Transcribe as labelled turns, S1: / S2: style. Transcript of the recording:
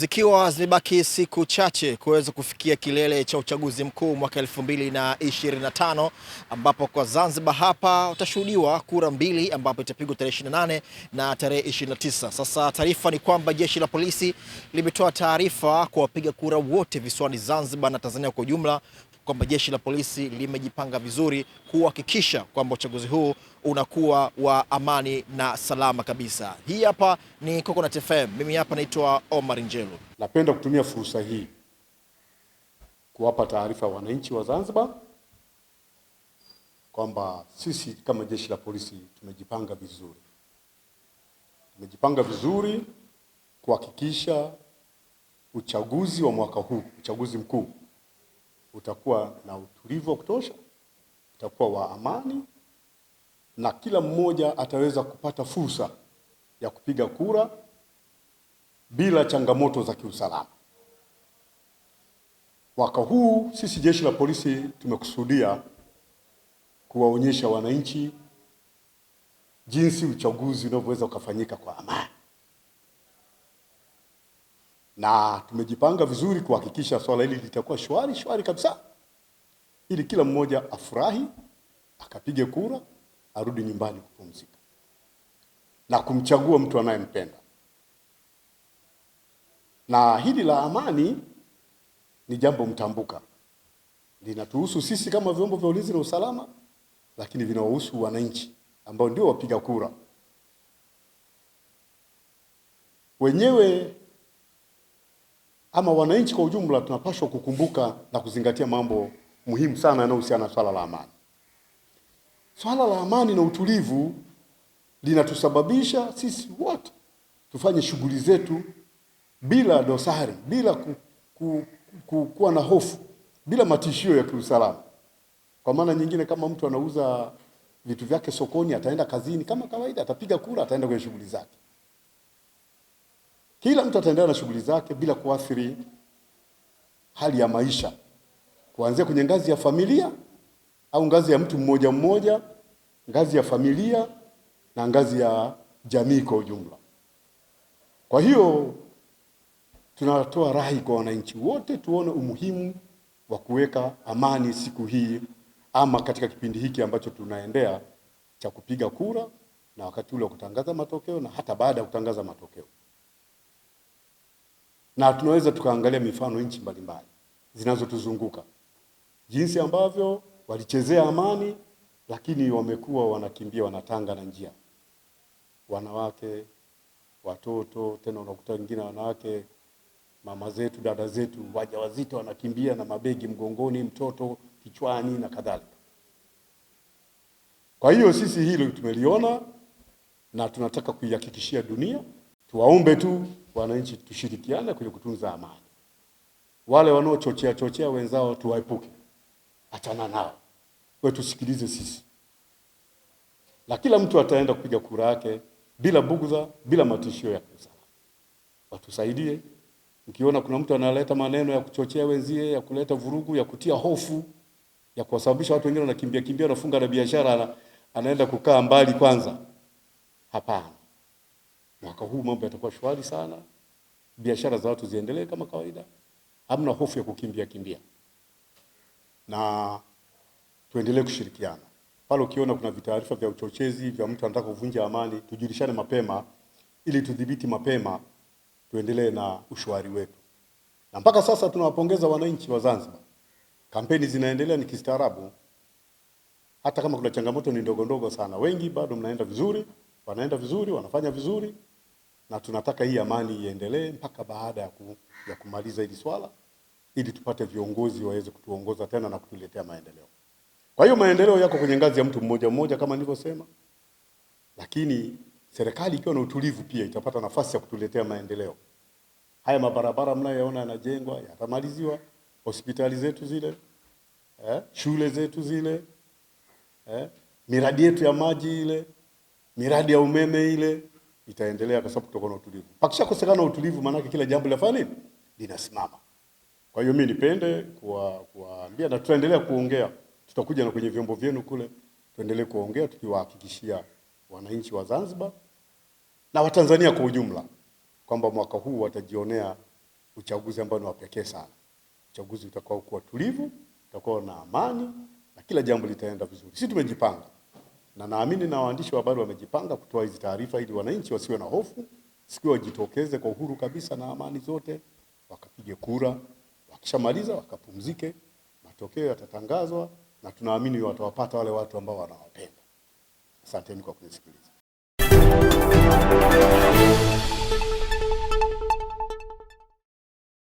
S1: Zikiwa zimebaki siku chache kuweza kufikia kilele cha uchaguzi mkuu mwaka 2025 ambapo kwa Zanzibar hapa utashuhudiwa kura mbili ambapo itapigwa tarehe 28 na tarehe 29. Sasa taarifa ni kwamba jeshi la polisi limetoa taarifa kwa wapiga kura wote visiwani Zanzibar na Tanzania kwa ujumla kwamba jeshi la polisi limejipanga vizuri kuhakikisha kwamba uchaguzi huu unakuwa wa amani na salama kabisa. Hii hapa ni Coconut FM, mimi hapa naitwa Omar Njelu.
S2: Napenda kutumia fursa hii kuwapa taarifa ya wananchi wa Zanzibar kwamba sisi kama jeshi la polisi tumejipanga vizuri, tumejipanga vizuri kuhakikisha uchaguzi wa mwaka huu, uchaguzi mkuu utakuwa na utulivu wa kutosha, utakuwa wa amani na kila mmoja ataweza kupata fursa ya kupiga kura bila changamoto za kiusalama. Mwaka huu sisi Jeshi la Polisi tumekusudia kuwaonyesha wananchi jinsi uchaguzi unavyoweza ukafanyika kwa amani na tumejipanga vizuri kuhakikisha swala hili litakuwa shwari shwari kabisa, ili kila mmoja afurahi akapige kura arudi nyumbani kupumzika na kumchagua mtu anayempenda. Na hili la amani ni jambo mtambuka, linatuhusu sisi kama vyombo vya ulinzi na usalama, lakini vinawahusu wananchi ambao ndio wapiga kura wenyewe ama wananchi kwa ujumla tunapaswa kukumbuka na kuzingatia mambo muhimu sana yanayohusiana na swala la amani. Swala la amani na utulivu linatusababisha sisi wote tufanye shughuli zetu bila dosari, bila ku, ku, ku, kuwa na hofu, bila matishio ya kiusalama. Kwa maana nyingine, kama mtu anauza vitu vyake sokoni, ataenda kazini kama kawaida, atapiga kura, ataenda kwenye shughuli zake. Kila mtu ataendelea na shughuli zake bila kuathiri hali ya maisha, kuanzia kwenye ngazi ya familia au ngazi ya mtu mmoja mmoja, ngazi ya familia na ngazi ya jamii kwa ujumla. Kwa hiyo tunatoa rai kwa wananchi wote tuone umuhimu wa kuweka amani siku hii ama katika kipindi hiki ambacho tunaendea cha kupiga kura na wakati ule wa kutangaza matokeo na hata baada ya kutangaza matokeo na tunaweza tukaangalia mifano nchi mbalimbali zinazotuzunguka jinsi ambavyo walichezea amani, lakini wamekuwa wanakimbia wanatanga na njia, wanawake, watoto, tena unakuta wengine wanawake, mama zetu, dada zetu wajawazito, wanakimbia na mabegi mgongoni, mtoto kichwani na kadhalika. Kwa hiyo sisi hilo tumeliona na tunataka kuihakikishia dunia, tuwaombe tu wananchi tushirikiane kwenye kutunza amani. Wale wanaochochea chochea wenzao tuwaepuke, achana nao, kwa tusikilize sisi, na kila mtu ataenda kupiga kura yake bila bugudha, bila matishio ya kiusalama. Watusaidie, ukiona kuna mtu analeta maneno ya kuchochea wenzie, ya kuleta vurugu, ya kutia hofu, ya kuwasababisha watu wengine wanakimbia kimbia, wanafunga na biashara, anaenda kukaa mbali kwanza. Hapana mwaka huu mambo yatakuwa shwari sana, biashara za watu ziendelee kama kawaida, hamna hofu ya kukimbia kimbia, na tuendelee kushirikiana pale. Ukiona kuna vitaarifa vya uchochezi vya mtu anataka kuvunja amani, tujulishane mapema ili tudhibiti mapema, tuendelee na ushwari wetu. Na mpaka sasa tunawapongeza wananchi wa Zanzibar, kampeni zinaendelea ni kistaarabu, hata kama kuna changamoto ni ndogo ndogo sana, wengi bado mnaenda vizuri, wanaenda vizuri, wanafanya vizuri na tunataka hii amani iendelee mpaka baada ya, ku, ya kumaliza hili swala ili tupate viongozi waweze kutuongoza tena na kutuletea maendeleo. Kwa hiyo maendeleo yako kwenye ngazi ya mtu mmoja mmoja kama nilivyosema, lakini serikali ikiwa na utulivu pia itapata nafasi ya kutuletea maendeleo. Haya mabarabara mnayoona yanajengwa yatamaliziwa, hospitali zetu zile eh, shule zetu zile eh, miradi yetu ya maji ile, miradi ya umeme ile itaendelea kwa sababu tutakuwa na utulivu. Pakishakosekana utulivu, maanake kila jambo linafanya nini, linasimama. Kwa hiyo mimi nipende kuwaambia na tutaendelea kuongea, tutakuja na kwenye vyombo vyenu kule, tuendelee kuongea tukiwahakikishia wananchi wa Zanzibar na Watanzania kwa ujumla kwamba mwaka huu watajionea uchaguzi ambao ni wa pekee sana, uchaguzi utakao kuwa tulivu, utakao na amani na kila jambo litaenda vizuri. Sisi tumejipanga na naamini na waandishi wa habari wamejipanga kutoa hizi taarifa ili wananchi wasiwe na hofu, siku wajitokeze kwa uhuru kabisa na amani zote, wakapige kura, wakishamaliza wakapumzike, matokeo yatatangazwa na tunaamini watawapata wale watu ambao wanawapenda. Asanteni kwa kunisikiliza.